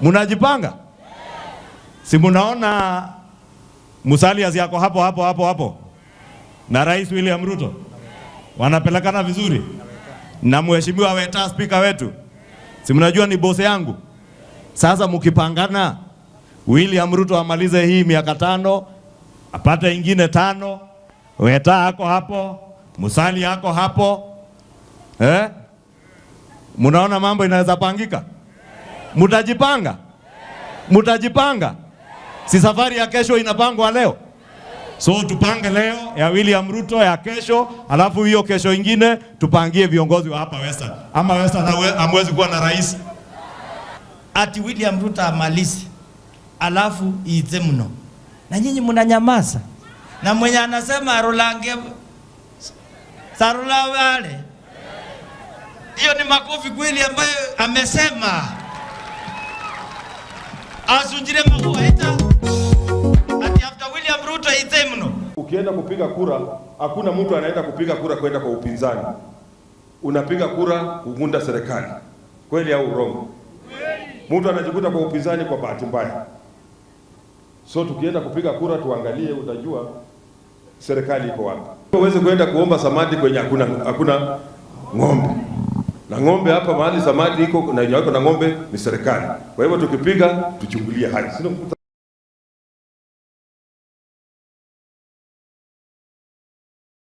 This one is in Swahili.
Munajipanga? Si munaona musalias yako hapo hapo hapo hapo na Rais William Ruto wanapelekana vizuri na mheshimiwa Weta, spika wetu, si mnajua ni bose yangu. Sasa mkipangana, William Ruto amalize hii miaka tano apate ingine tano, Weta ako hapo, Musali ako hapo eh? Munaona mambo inaweza pangika. Mutajipanga? Mutajipanga? Si safari ya kesho inapangwa leo? So tupange leo ya William Ruto ya kesho, alafu hiyo kesho ingine tupangie viongozi wa hapa Western. Ama Western hamwezi kuwa na rais. Ati William Ruto amalisi, alafu iize mno, na nyinyi mnanyamaza, na mwenye anasema arulange sarula wale, hiyo ni makofi kweli ambayo amesema azunjire makuwa eta ati after William Ruto ite mno. Ukienda kupiga kura, hakuna mtu anaenda kupiga kura kwenda kwa upinzani, unapiga kura kugunda serikali. Kweli au urongo? Mtu anajikuta kwa upinzani kwa bahati mbaya. So tukienda kupiga kura, tuangalie, utajua serikali iko wapi. Uweze kwenda kuomba samadi kwenye hakuna hakuna ng'ombe ng'ombe hapa mahali samadi iko na ng'ombe ni serikali. Kwa hivyo tukipiga tuchungulie sio